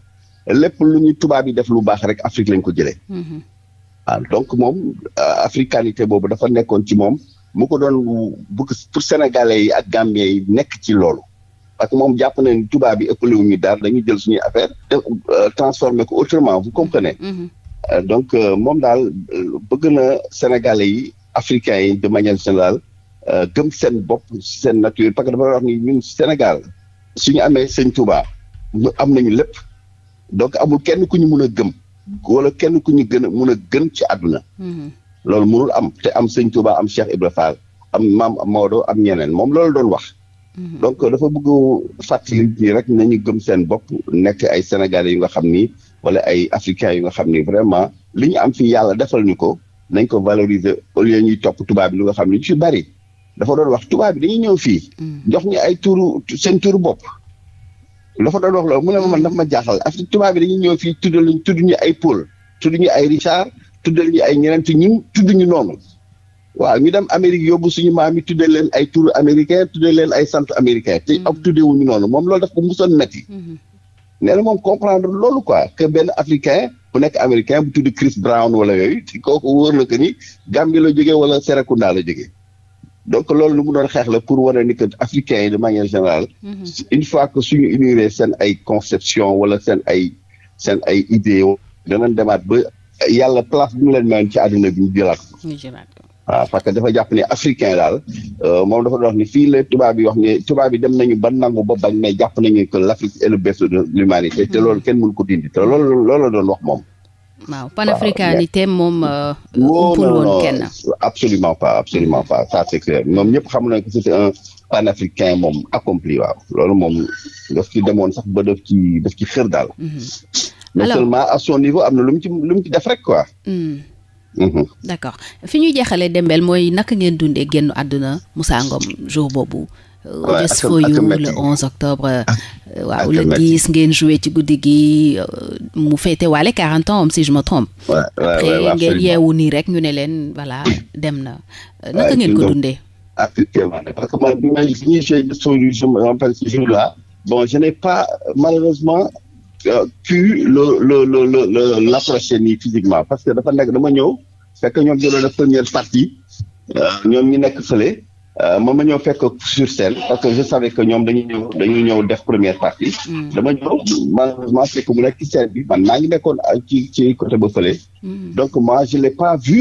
lépp lu ñu tubaab yi def lu baax rek Afrique lañ ko jëlee. waaw mm-hmm. ah, donc moom euh, africanité boobu dafa nekkoon ci moom mu ko doon bëgg pour sénégalais yi ak gambien nekk ci loolu. parce que moom jàpp na ni tubaab yi ëppale ñu daal dañuy jël suñu affaire def euh, transformer ko autrement bu comprenez. Mm-hmm. Euh, donc moom daal bëgg na sénégalais yi africains yi de manière générale gëm seen seen nature parce que dafa wax Sénégal suñu amee sëñ Touba am nañu lépp. donc amul kenn ku ñu mun a gëm wala kenn ku ñu gën a mun a gën ci àdduna mhm. loolu mënul am te am sëñ Touba am Cheikh Ibra Fall am maam moodo am ñeneen moom loolu doon wax mhm. donc dafa bëgg fàttali ñi rek nañu gëm seen bopp nekk ay sénégalais yu nga xam ni wala ay africains yu nga xam ni vraiment li ñu am fii yàlla defal ñu ko nañ ko valoriser au lieu ñuy topp tubaab bi lu nga xam ni ñu ci bari dafa doon wax tubaab bi dañuy ñëw fii mhm. jox ñu ay tuuru seen tuuru bopp dafa doon wax loolu mu ne ma man dafa ma jaaxal Afrique tubaab bi dañuy ñëw fii tuddal ñu tudd ñu ay Paul tudd ñu ay Richard tuddal ñu ay ñeneen te ñun tudd ñu noonu waaw ñu dem Amérique yóbbu suñu maam yi tuddal leen ay turu américain tuddal leen ay sant américain te ab mm-hmm. tuddee wuñu noonu moom lool daf ko musoon metti mm-hmm. nee na moom comprendre loolu quoi que benn africain bu nekk américain bu tudd Chris Brown wala yooyu kooku wóor na que ni Gambie la jógee wala Serekunda la jógee donc loolu lu mu doon xeex la pour wane ni que africains yi de manière générale. Mhm. une fois que suñu uniree seen ay conception wala seen ay seen ay idées danañ demaat ba yàlla place bi mu leen mayoon ci àdduna bi ñu jëlaat ko. que dafa jàpp ne africain daal euh, moom dafa doon wax ni fii la tubaab bi wax dem nañu ba nangu ba bañ mais jàpp nañu que l' Afrique est de l'humanité te mhm. loolu kenn mënu ko dindi te lool loolu la doon wax moom. waaw panafricanité moom. umpul euh, woon kenn absolument pas absolument pas ça c'est clair moom ñëpp xamu na que c'était un moom accompli loolu moom daf ci demoon sax ba daf ci daf ci xër daal. Mhm. mais seulement à son niveau am na lu mu ci lu ci def rek quoi. Hmm. Mhm. d'accord fi ñuy jeexalee Dembel mooy naka ngeen dundee génn àdduna Moussa Ngom jour boobu. audience for you le octobre euh, waaw le 10 ngeen joué ci guddi gi euh, mu féete wale 40 ans si je me trompe après ngeen yeewu nii rek ñu ne leen voilà dem na euh, naka ngeen ko dundee effectivement parce que man bi je me rappelle ce jour là bon je n'ai pas malheureusement pu l'approcher nii physiquement parce que dafa nekk dama ñëw fekk ñoom jëloon la première partie ñoom ñi nekk fële Euh, moom ma ñëw fekk sur scène parce que je savais que ñoom dañuy ñëw dañuy ñëw def première partie. Mm. dama ñëw malheureusement fekk mu nekk ma scène bi man maa ngi nekkoon euh, ci ci côté ba mm. donc moi je l'ai pas vu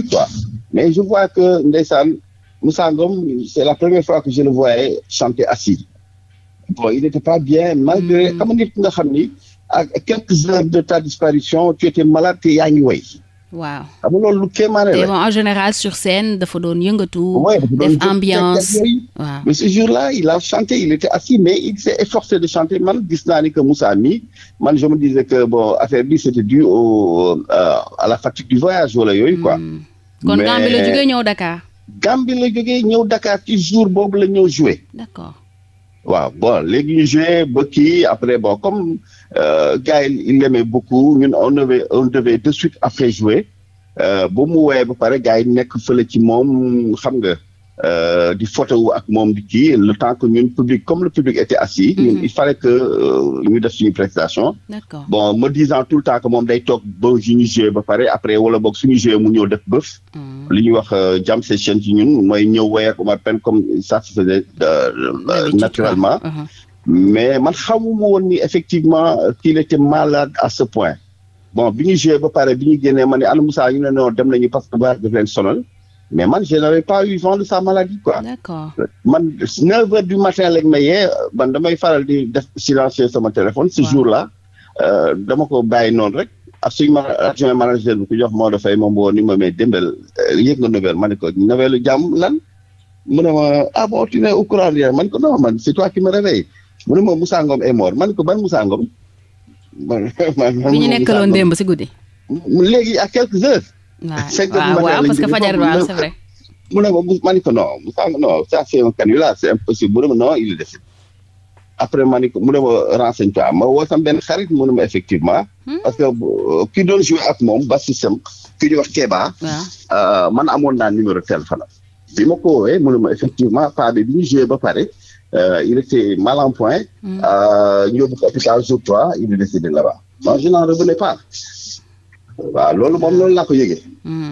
mais je vois que ndeysaan Moussa c'est la première fois que je le voyais chanter assis bon il n'était pas bien malgré mm. xam nga nit ni à quelques heures de ta disparition tu étais malade te yaa ngi woy waaw xam nga loolu lu kéemaane la. en général sur scène dafa doon yëngatu. def ambiance mais ce jour-là il a chanté il était assis mais il s'est efforcé de chanter man gis naa ni que Moussa mi man je me disais que bon affaire bi c'était dû au euh, à la fatigue du voyage wala yooyu quoi. Hmm. kon Gambie la jógee ñëw Dakar. Gambie la ñëw Dakar jour boobu la ñëw joué. d'accord. waaw bon léegi ñu kii après bon comme. Euh, gars yi il l'aimait beaucoup ñun on devait on devait de suite après jouer euh, ba mu woowee ba pare gars yi nekk fële ci moom xam nga euh, di photo ak moom di kii le temps que ñun public comme le public était assis. ñun mhm. il fallait que ñu def suñu prestation. d'accord bon me disant tout le temps que moom day toog ba suñu joué ba pare après wala boog suñu joué mu ñëw def bëf. Mhm. li ñuy wax jam session ci ñun mooy ñëw weer Omar Pène comme ça se faisait naturellement. Uh-huh. mais man xamuma woon ni effectivement euh, qu'il était malade à ce point bon bi ñu joué ba pare bi ñu génnee ma ne ana Moussa ñu dem nañu parce que vaar daf leen sonal mais man je n'avais pas eu vent de sa maladie quoi. d'accord man 9 heures du matin lañ ma ban damay faral di def silencieux sama téléphone. ce jour là euh, dama ko bàyyi noonu rek. ak suñu ma adjoint manager bi ku jox moo dafay moom woo ni ma may démbel euh, yëg nga nouvelle ma ne ko nouvelle jàmm lan mu ne ma ah man ko non man c'est toi mu ne ma Moussa Ngom est mort man ko ban Moussa Ngom. man man man bi ñu nekkaloon démb si guddi. léegi à quelques heures. waaw waaw parce fajar waaw c'est vrai. mu ne ma ma ne ko non Moussa non ça c'est un canular c'est impossible mu ne ma non après ma ne ko mu ne ma renseigne toi ma woo sama benn xarit mu ne effectivement. Hmm? parce que euh, ki ak moom ba système ki ñuy wax Kéba. Euh, man amoon naa numéro téléphone bi ma ko woowee mu effectivement paa bi bi ñu ba pare. Euh, il était mal en point. Mm. Euh, ñu yóbbu ko hôpital jour 3 il est décédé là-bas. loolu moom mm. loolu laa ko yëgee.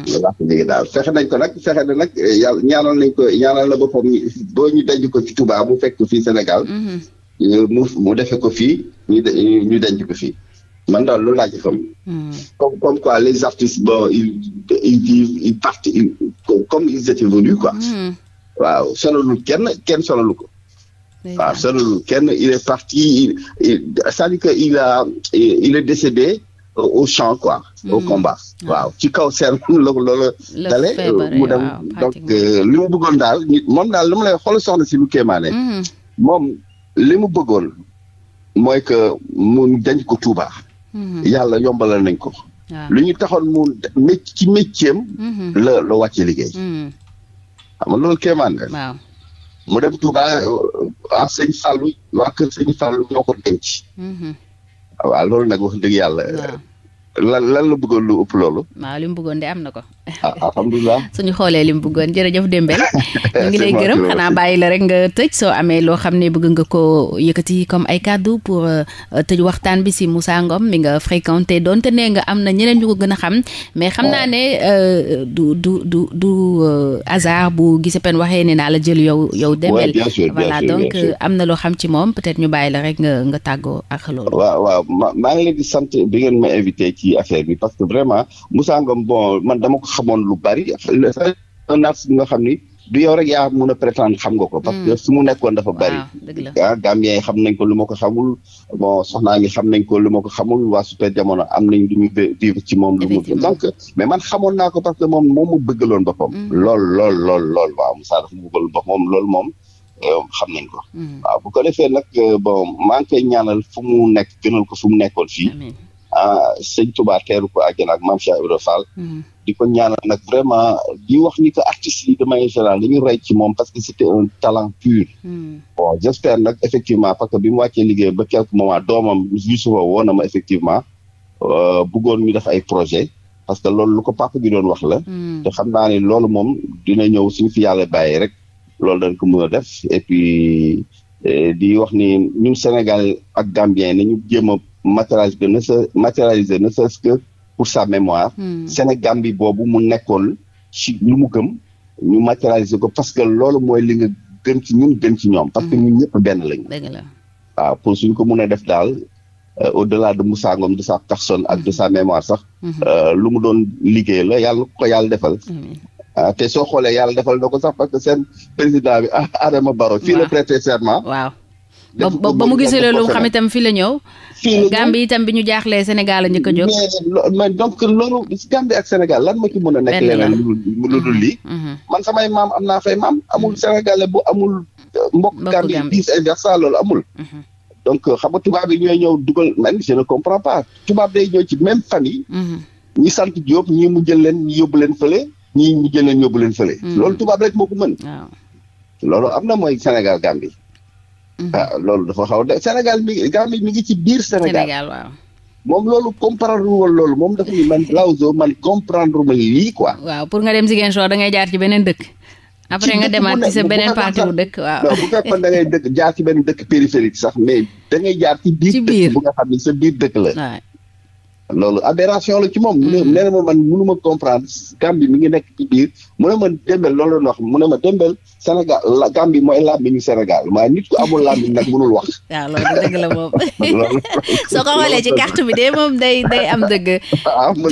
loolu laa fexe nañ ko nag fexe na nag eh, yàlla ñaanal nañ ko ñaanal la boppam boo ñu denc ko ci tubaa mu fekk fii Sénégal. Mm-hmm. Euh, mu mu defee ko fii ñu ñu denc ko fii man daal loolu laa ci xam. Mm. comme comme quoi les artistes bon ils ils vivent ils partent ils kenn kenn ko. waaw sonalul kenn il est parti c'est-à-dire il a il est décédé euh, au champ quoi au hmm. combat waaw ci kaw seen loolu loolu dale euh, donc euh, li mu bëggoon daal nit moom daal lu mu lay xool soxna si lu kéemaane hmm. moom li mu bëggoon mooy que mu dañ ko Touba hmm. yàlla yombalal nañ ko lu ñu taxol mu mé ci métier am la la wàcce liggéey xam loolu kéemaan mu dem Touba ah sëñ Fallou waa kër sëñ Fallou ñoo ko denc. Mhm. waaw loolu nag wax dëgg yàlla. lan lan la bëggoon lu ëpp loolu. waaw li mu bëggoon de am na ko. Ah, su ñu xoolee li mu bëggoon jërëjëf Dembel ñu ngi lay gërëm xanaa bàyyi la rek nga tëj soo amee loo xam ne bëgg nga ko yëkkati comme ay kàddu pour euh, tëj waxtaan bi si Moussa Ngom mi nga fréquenté doonte nee nga am na ñeneen ñu ko gën a xam mais xam naa ne euh, du du du du euh, hasard bu gise pen waxee ne naa la jël yow yow Dembel voilà donc am na loo xam ci moom peut-être ñu bàyyi la rek nga nga tàggoo ak loolu waaw waaw maa ngi leen di bi ci affaire bi parce que vraiment Moussa Ngom bon man dama ko xamoon lu bari un axe xam ni du yow rek yaa mën a prétendre xam nga parce que hmm. su mu nekkoon dafa bari ah Gambien yi xam nañ ko lu ma ko xamul bon soxnaa ngi xam nañ ko lu ma ko xamul waa super jamono am nañ lu ñu vivre ci moom lu mu donc mais man xamoon naa ko parce que moom moom mu bëggaloon boppam hmm. lool lool lool lool waaw Moussa dafa bëggaloon boppam moom loolu eh, moom xam nañ ko hmm. waaw bu ko eh, maa ngi koy ñaanal fu mu nekk gënal ko fu mu nekkoon fii ah sëñ Touba teeru ko àjjana ak Mame Cheikh Ibra Fall di ko ñaanal nag vraiment di wax ni que artistes de manière générale li ñu rey ci moom parce que c' était un talent pur. Hmm. bon j' espère nag effectivement parce que bi mu liggéey ba quelque moment doomam Youssoufa woo na ma effectivement euh, bëggoon ñu def ay projet parce que loolu lu ko papa gi doon wax la. Hmm. te xam naa ne loolu moom dina ñëw suñu fi yàlla rek loolu dañ ko mën def et euh, di wax ni ñun Sénégal a Gambien nañu jéem a matérialiser ne ce matérialiser ne ce que. pour sa mémoire. Mm. Sénégambie boobu mu nekkoon ci lu mu gëm ñu matérialiser ko parce que loolu mooy li nga gën ci ñun gën ci ñoom. parce que hmm. ñun ñëpp benn lañu. dëgg la waaw pour suñ ko mun a def daal euh, au-delà de Moussa Ngom de sa personne ak de hmm. sa mémoire sax. Hmm. Euh, lu mu doon liggéey la yàlla ko yàlla defal. ah te soo xoolee yàlla defal na ko sax parce que seen président bi ah, Adama Barrow. waaw la prêté serment. ba mu gisee loolu xam itam fii la ñëw Gambie itam bi ñu jaaxlee Sénégal a njëkk a jóg mais donc loolu Gambie ak Sénégal lan ma ci mën a nekk leneen lu dul lii mm-hmm. Mm-hmm. man samay maam am naa fay maam amul Sénégalais bu amul euh, mbokk Gambie dix inversa loolu amul mm-hmm. donc euh, xam nga tubaab yi ñooy ñëw dugal man je ne comprends pas tubaab day ñëw ci même famille ñi sant Diop ñi mu jël leen ñu yóbbu leen fële ñii mu jël leen yóbbu leen fële loolu tubaab rek moo ko mën loolu am na mooy Sénégal Gambie waaw mhm. ah, loolu dafa xaw de Sénégal mi ngi mi ngi ci biir Sénégal Sénégal waaw. moom loolu comprendre woon loolu moom dafa ni man Laozo man comprendre ma lii quoi. waaw pour nga dem Ziguinchor da ngay jaar ci beneen dëkk. après nga demaat ci sa beneen partie wu dëkk waaw. non bu fekkoon da ngay dëkk jaar ci beneen sax mais da jaar ci biir. ci biir dëkk nga xam ne sa biir dëkk la. loolu aberration la ci moom. mu ne mm-hmm. nee na ma man mënu ma comprendre Gambie mi ngi nekk ci biir mu ne ma Dembel loolu la wax mu ne ma Dembel Sénégal la Gambie mooy làmmiñu Sénégal waaye nit ku amul làmmiñ wax. waaw loolu la moom soo ko xoolee ci carte bi de moom day am dëgg. Ah, mu ma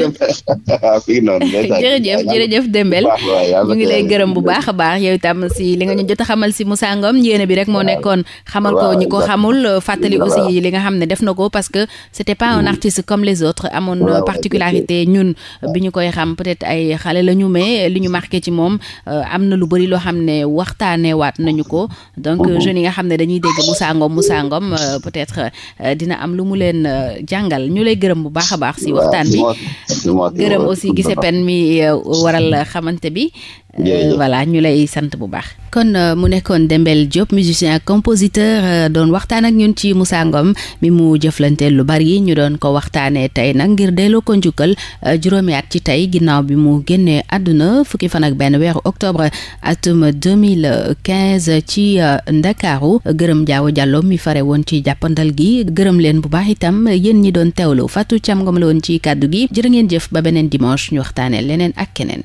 ah, fii noonu. jërëjëf jërëjëf Dembel ñu ngi lay gërëm bu baax a baax yow itam si li nga jot a xamal si Moussa Ngom yéene bi rek moo nekkoon xamal ko ñi ko xamul fàttali aussi li nga xam ne def na ko parce que c'était pas un mm-hmm. artiste comme les autres centre amoon particularité ñun ah. bi ñu koy xam peut-être ay xale la ñu mais li ñu marqué ci moom euh, am na lu bëri loo xam ne waxtaanee waat nañu ko donc ah jeunes yi nga xam ne dañuy dégg Moussa Ngom Moussa Ngom euh, peut-être euh, dina am lu mu leen jàngal ñu lay gërëm bu baax a baax si waxtaan bi gërëm aussi gise pen mi waral xamante bi Euh, voilà ñu lay sant bu baax kon euh, mu nekkoon Dembel Diop musicien ak compositeur euh, doon waxtaan ak ñun ci Moussa ngoom mi mu jëflante lu bari ñu doon ko waxtaanee tey nag ngir delloo ko njukkal juróomi at ci tey ginnaaw bi mu génnee àdduna fukki fan ak benn weeru octobre atum 2015 ci Ndakaaru gërëm jaaw jàllo mi fare woon ci jàppandal gi gërëm leen bu baax itam yéen ñi doon teewlu Fatou Thiam Ngom la woon ci kàddu gi jërë ngeen jëf ba beneen dimanche ñu waxtaanee leneen ak keneen